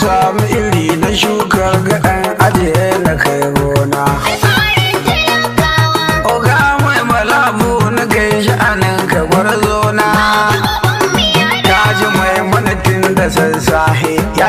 na iri na shukar gaɗan ajiye na kai gona oga mai malabu na kai sha'anin ka gwarzo na kaji mai manatin da sassahe ya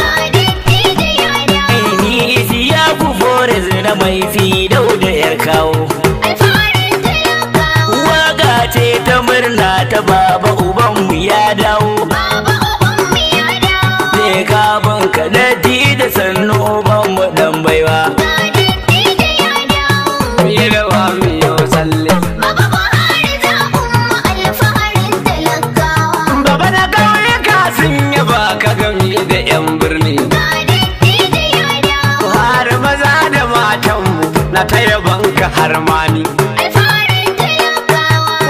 armani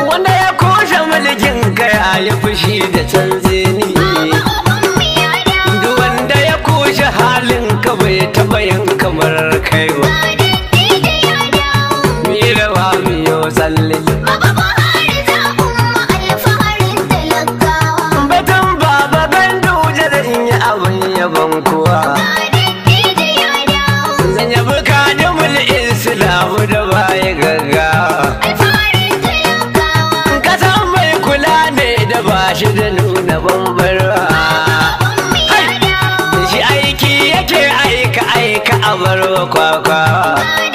wanda ya koshe mulkin kai ya fushi da canza ba shi da nuna bambarwa shi aiki yake aika aika a barwa kwakwa